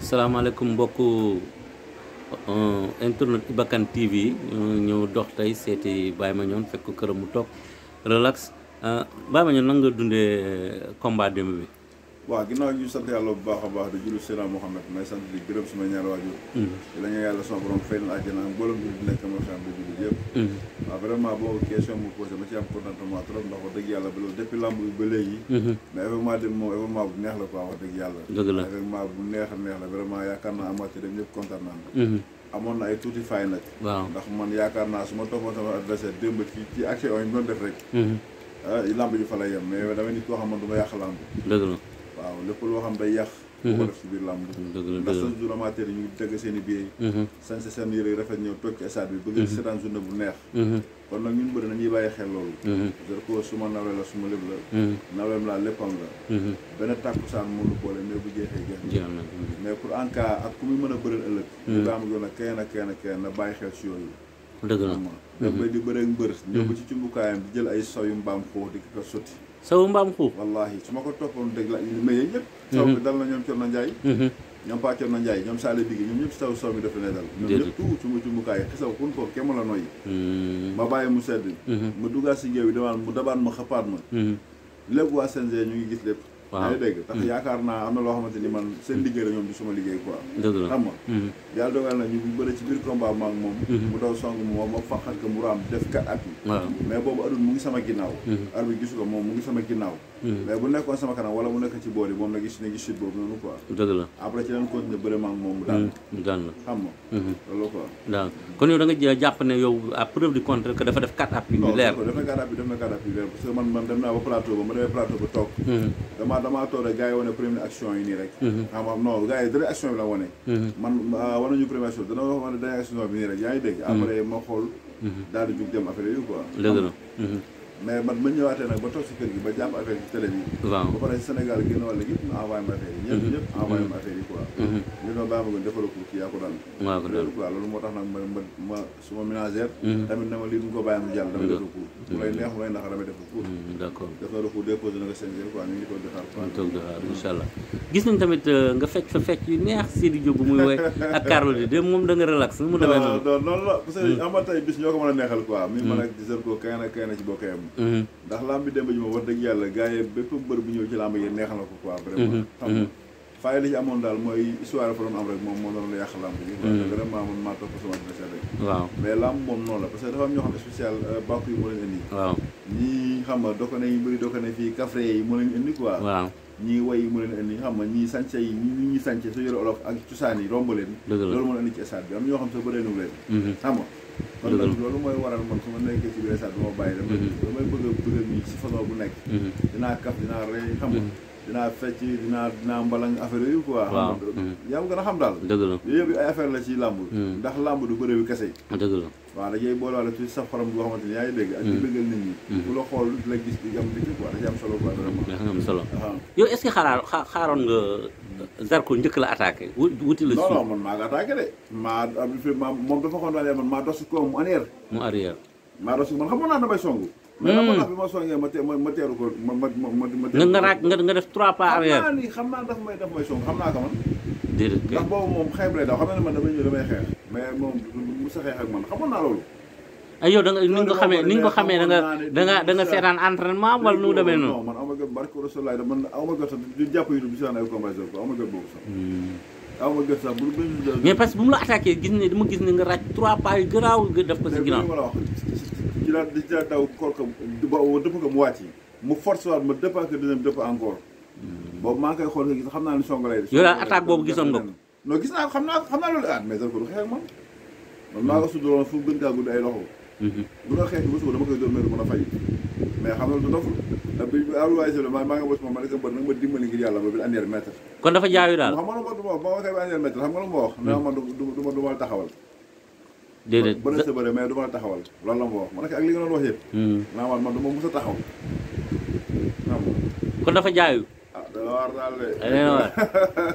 Assalamualaikum boku eh, internet Iba TV ñu dox tay séti Baye ñoon fekk kërëm mu relax eh, Baye Mandione nan nga dundé combat démb bi. waaw ginnaaw ñu sant yàlla bu baax a baax di julli Seydina Mouhamed may sant di gërëm suma ñaar waajur mm-hmm. di la ñu yàlla sama borom fay na ma xam di jullit yëpp mm-hmm. ma ci am contentement ba ba léegi mm-hmm. mais événement dem moom yàlla événement a neex la vraiment yaakaar naa amateur dem ñëpp kontaan naan amoon na ay tuuti faay nag ndax man yaakaar naa su ma toppoon sama adversaire démb ci ci action yi ñu doon def rek ah, lamb ji fa lay yem mais damay nit koo xam man du ma yàq lamb waaw lépp loo xam day yàq. Mhm. boo ko def biir làmb. dëgg la ndax seen yi ñu dagg seen i billets. Mhm. sañ sa seen yëre rafet ñëw toog ci stade bi. bëgg mhm. seetaan journée bu neex. kon nag ñun bëri nañuy bàyyi la su ma la. laa léppam la. benn tàkkusaan mënu boole mais bu jeexee jeex na. mais pour en cas ak ku muy mën a bëreel ëllëg. ñu baax na kenn ak kenn na bàyyi xel si yooyu. dëgg la daf bay di bëreeg mbër. ñëw ba ci cumbukaayam di jël ay sow yu mbaam xóot di ko sotti. saw mbaam xuux wallahi su ma ko toppoon dëgg la maye yëpp saw bi mhm. dal na ñoom Corna mhm. Ndiaye ñoom Pa Corna Ndiaye ñoom Sale Bigui ñoom ñëpp saw saw bi dafa lay dal ñoom ñëpp tout suma cumbukaay xisaw xun ko kéema la noyyi mhm. ma bàyyi mu sedd ma duggaat si géew bi damaan mu dabaan ma xapaat ma lépp waa ñu ngi gis lépp waaw dégg tax yaakaar naa am na loo xamante ni man seen liggéey la ñoom du suma liggéey quoi xam nga yàlla dogal na ñu bëri ci biir combat ma moom mu daw song moom ma ko mu raam def kat at mais boobu mu ngi sama ginnaaw ar gisu ko moom mu ngi sama ginnaaw mais bu nekkoon sama kanam wala mu nekk ci boori moom la gis ne gis boobu noonu quoi dëgg la après ci leen continuer bëri ma moom mu daan la xam nga loolu quoi daan kon yow da nga jàpp ne yow à preuve du contraire que dafa def kat at leer def kat at def kat at leer parce que man man dem naa ba plateau ba ma demee plateau ba toog pourtant damaa toog rek gars yi wane première action yi nii rek mhm. xam nga non gars action bi la wane mhm. man ah, wane ñu action dana action bi nii rek yaa ngi mhm. après ma xool daal di jug dem affaire yooyu quoi mais man ma ñëwaaté nak ba tok ci kër gi ba jàpp affaire ci télé bi. ba paré Sénégal génn wàll gi ñu envoyé ma affaire yi. ñëpp mhm. ñëpp envoyé ma affaire yi quoi. Mhm. Mhm. ñu do baax nga defal ko ko daan. ko daan quoi lolu moo tax ma ma suma ménagère. tamit ne ma lii duñ ko dama def mu lay neex lay nax dama d'accord na quoi ñu ngi ko di quoi ñu toog di gis nañ tamit euh, nga fecc fa fecc yu neex Sidi Diop muy woy ak Carlo D dem da nga relax mu da non non parce que hmm. bis neexal quoi. mi hmm. ko ci yi mhm. ndax lamb bi démb ji ma wax yàlla gars yi bépp mbër bu ñëw ci lamb yi neex na ko quoi vraiment mhm, xam nga mhm. faay la amoon daal mooy histoire fa doon am rek moom moo doon la yàq lamb ji parce que dafa ñoo xam ne spécial euh, bàkk yi moo leen indi waaw ñii xam nga dokkane yi mbëri dokkane fii kafre yi moo leen indi quoi waaw ñii way yi mu leen indi xam nga ñii sànce yi ñi ñuy sànce su yore olof ak cosaan yi romb leen loolu moo leen indi ci stade bi am ñoo xam sax ba reenu leen mhm. xam nga loolu mooy waral man su ma nekkee ci biir stade du ma bàyyi damay mhm. damay bëgg a bëgg a si façon bu nekk mhm. dinaa kaf dinaa rey xam dinaa fecc dinaa dinaa mbalang affaire yooyu quoi. waaw mm. yaa ngi gën a xam daal. dëgg la yooyu yëpp ay affaire la ci làmb. Mm. ndax làmb du bëre bi kese. dëgg la waaw dañuy boolewaale tuuti sax xorom boo xamante ni yaa ngi dégg. ak di mm. bëggal nit ñi. ku la xool la gis di am di quoi dañuy am solo quoi vraiment. dañuy am solo yow est ce que xaar xaaroon nga euh, Zarko njëkk la attaqué wuti la. non non man maa ngi attaqué de. maa moom dafa xool daal man maa dosu ko mu arrière. mu arrière. ma dosu man xamoon naa mais hmm. a bi ma songee ma tee ma teeru ko ma ma ma ma. nga raak nga def trois pas arrière. xam naa ni xam naa daf may daf may song xam naa ko man. ndax boobu moom xeeb lay xam ne man damay ñëw damay xeex. mais moom mu sa xeex ak man xamoon naa loolu. ay yow da nga xamee ni nga ko xamee da nga da nu man aw ma gën barke Rasulullah man aw ma gën gën boobu sax. Hmm. mais parce que bu mu la attaqué gis ne dama gis ne nga ràcc trois pas yu garaaw nga def ko si ginnaaw. ci laa ko mu wàcc mu force waat ma dëpp ak deuxième dëpp encore. Hmm. boobu maa ngi koy xool nga gis xam naa ne song lay def. yow daal attaque boobu gisoon nga ko. non gis naa xam naa xam naa loolu ah mais Zarko du xeex ak maa ko hmm. suturoon fu gën kaa gudd loxo. Hmm. bu doon xeex ba suba dama koy doon mën a fay. mais xam nga du doful da bi Abdoulaye Sylla maa ma ne ko bër nag ma dimbali ngir yàlla ba bi andeer mètre kon dafa jaayu daal xam nga lu ma du ma wax ba waxee bi ne ma taxawal déedéet mais du ma taxawal loolu la ma wax ma ne ko ak li nga doon wax yëpp hmm. naa man man du taxaw kon dafa jaayu ah dana waar daal de dana waar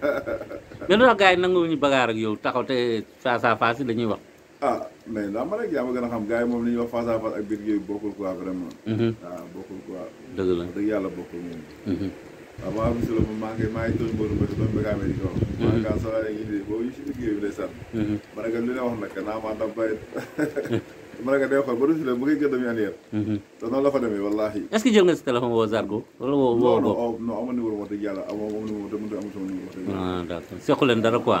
mais lu tax yi nangu ñu bagaar ak yow taxaw te face à face yi dañuy wax ah mais daa ma a yaa ma gën a xam gars moom li ñuy wax face ak biir bokkul quoi vraiment. waaw mhm. ah, bokkul quoi. dëgg la dëgg yàlla bokkul moom. Mhm. Ah, waaw maa ngi bisimilah maa ngi maa ngi tooñ Modou Mbodj doon bëgg a amee di ko wax. Mhm. maa ngi kaa soxla léegi indi boobu si liggéey bi lay sànni. ma ne ko li ne wax yàlla amoo amoon numéro te mënut a yàlla. ah dara quoi.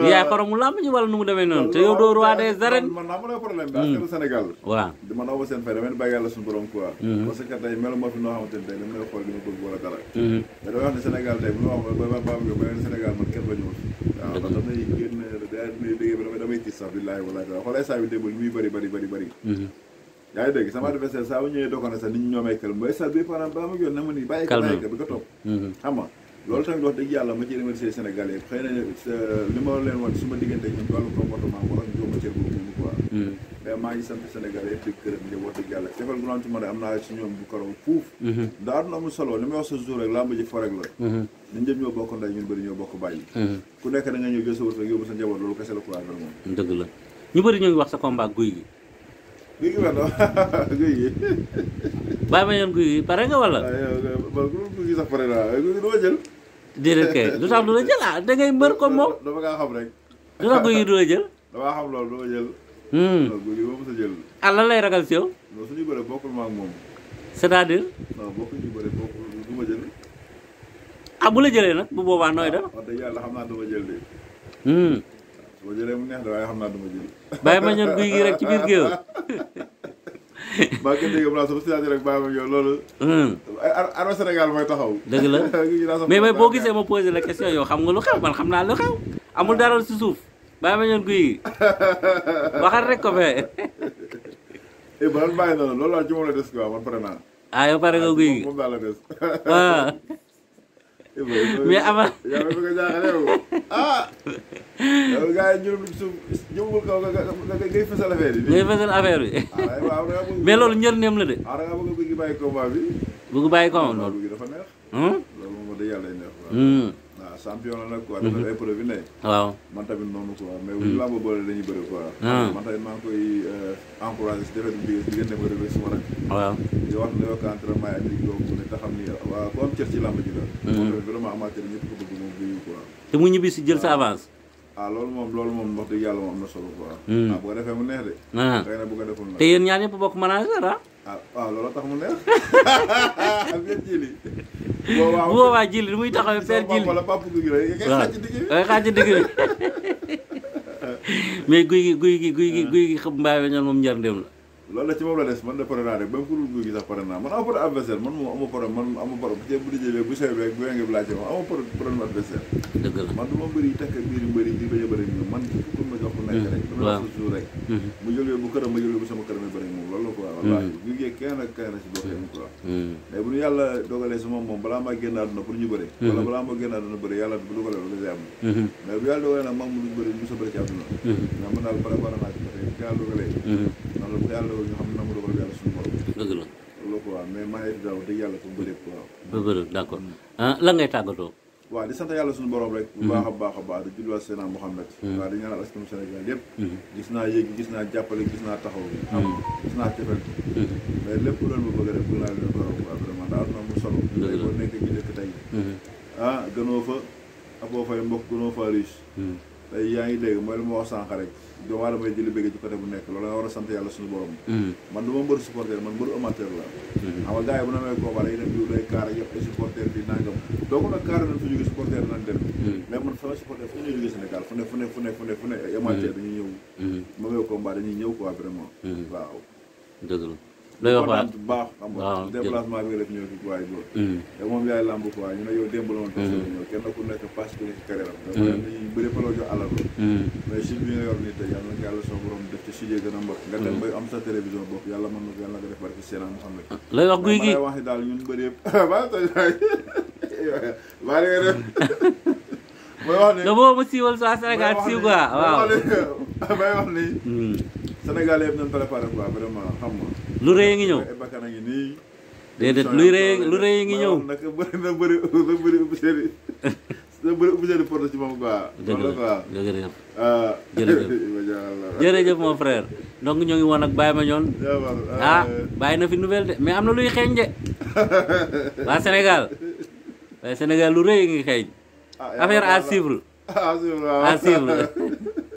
yaay xoromu làmb ji wala nu mu demee noonu te yow doo roi des arènes man naa mën a problème bi askan Sénégal waaw man aw ma seen fay damay bàyyi yàlla suñu borom quoi parce que tey melu ma fi noo xamante ni tey dama lay xool li ma bëgg wala dara te damay wax ne Sénégal tey bu ma wax ba baam nga ba Sénégal man kenn bañu waaw ndax damay génn damay dégg ba damay tiis sax billaahi wallaahi taala xoolee saa bi démb li muy bëri bëri bëri bëri yaa ngi dégg sama adversaire saa bu ñëwee dokoon na sax nit ñi ñoomay calme ba sa bi par exemple ba ma yoon na ma ni bàyyi ko bàyyi ko bi ko topp xam nga loolu tamit wax dëgg yàlla ma ci remercier Sénégalais xëy na li ma leen wan su ma diggante ñoom wàllu comportement moo tax ñu ma cër boobu moom quoi hmm. mais maa ngi sant Sénégalais yëpp di gërëm ñëpp wax dëgg yàlla defal gu naan ci mën a am naa ci ñoom bu korow fuuf ndax hmm. aduna amul solo li may wax sa jour rek làmb ji fo rek la hmm. ñun ñëpp ñoo bokk nday ñun bëri ñoo bokk bàyyi ku nekk da nga ñëw jël sa wut rek yóbbu sa njaboot loolu kese la quoi affaire moom dëgg la ñu bëri ñooy wax sa combat guy gi guy gi wala guy gi bàyyi ma ñoon guy gi pare nga wala man guy gi sax pare naa guy gi dama jël déedéet kay lu du la jël ah da ngay mbër comme moom. du la guy gi moom sa jël. ah lan lay ragal si yow. non suñu bëre bokkul ma ah, bu la jëlee nag bu boobaa nooy de. Hmm. su ma jëlee guy rek ci biir maa ngi dégg Blanc sama signature ak Baye Mandione loolu. Hmm. Armée Sénégal mooy taxaw. dëgg la mais mais boo gisee ma posé la question yow xam nga loo xew man xam naa lu xew. amul dara si suuf Baye Mandione guy waxal rek ko fee. eh ba lan bàyyi na la loolu laa ci moom la des quoi man pare naa. ah yow pare nga ah, guy ah. gi mais avant. yaa ngi bëgg a jaaxle yow ah. yow gars yi ñu ne suuf jëmul kaw nga ngay fësal affaire bi. ngay fësal affaire bi. waaw mais loolu njëriñam la de. waaw da ngaa bëgg a bëgg bàyyi combat bi. bëgg bàyyi combat loolu. bëgg dafa neex. loolu moom da yàlla neex. waaw champion la nag quoi. dafa ay preuve yu ne. waaw man tamit noonu quoi mais bu ñu làmb boole dañuy bëri quoi. man tamit maa ngi koy encouragé si defee diggante ma rek suma rek. waaw di wax ne yow que entraînement yi ak liggéey boobu ne taxaw cër ci lamb ji la. moom tamit vraiment amateur ñëpp ko bëgg jël sa avance. ah loolu moom loolu moom wax dëgg yàlla moom am na solo quoi. ah bu ko defee mu neex de. xëy na bu ko deful te yéen ñaar ñëpp bokk manager ah. ah waaw loolu tax mu neex. ak yéen jili. bu boobaa jili lu muy taxawee père jili. wala papa guy gi rek ngay xaaj ci digg bi mais guy gi guy gi guy gi guy gi xam mbaa moom ndem la. loolu la ci moom la des man de pare naa rek ba mu ko dul guy gi sax pare naa man amu problème adversaire man moom amu problème man amu problème bu bu dijee beeg bu sew beeg bu wenge bi laajte moom amu problème adversaire dëgg la man du ma mbëri takk ak biir mbëri di bañ a bëri ñoom man pour ma jox nekk rek mm-hmm. dama sa suuf rek mm-hmm. mu jël yóbbu këram ma jël yóbbu sama këram bëri moom loolu la quoi wallaahi guy mm-hmm. gee kenn ak kenn si bokk mu quoi mais bu ñu yàlla dogalee si moom moom balaa maa génn àdduna pour ñu bëri wala balaa maa génn àdduna bëri yàlla bu dogalee loolu am mais bu yàlla dogalee nag mag mu duñ bëri mu sa bëri ci àdduna mais man daal pare war naa ci yàlla dogalee yàlla bu yàlla ñu xam na mu dogal yàlla suñu borom. dëgg la. ba bëri d'accord ah lan ngay tàggatoo. waaw di sant yàlla suñu borom rek. bu mm-hmm. baax a baax a baax di julliwaat Seydina Mouhamed. Mm-hmm. waaw di ñaanal askanu Sénégal mm-hmm. gis naa yéegi gis naa jàppale gis naa taxaw gis naa cofeel. a def la nekk ci dëkk tey. ah gënoo fa aboo fay mbokk gënoo fa riche. yaa ngi dégg mooy lu ma wax sànq rek doomu aadama yi di lu bëgg ci bu nekk loolu nga war a sant yàlla suñu borom hmm. man du ma mbëru supporter man mbëru amateur la hmm. xam nga gars yi bu na mee kooba day dem diw day kaar ak yëpp ay supporter di nangam donc nag kaar nañ fu jóge supporter nañ dem hmm. mais man sama supporter fu ñu jóge Sénégal fu ne fu ne fu ne fu ne fu ne ay amateur dañuy ñëw ma mee combat dañuy ñëw quoi vraiment waaw looy wax waay baax xam nga déplacement bi nga def ñëw moom yaay lamb quoi ñu ne yow démb la woon ñëw mm. kenn ku nekk particulier ci carrière am dañuy bëri paloo jox alal mm. mais si bi nga yor nii tey yàlla na yàlla soo borom def ci sujet a mbokk nga mm. na yàlla nga def barki seen am xam ne looy wax guy gi wax daal ñun bëri yëpp baa baa nga mooy wax ne dama ma siiwal saa Sénégal siiw quoi waaw may wax ni Sénégal yëpp nañ préparé quoi vraiment xam nga lu rëy a ngi ñëw déedéet luy rëy lu rëy a ngi ñëw jërëjëf mon frère donc ñoo ngi woon ak Baye Mandione ah, ah bàyyi na fi nouvelle de mais am na luy xeeñ de waa Sénégal waaye Sénégal lu rëy a ngi xeeñ ah, affaire à suivre à suivre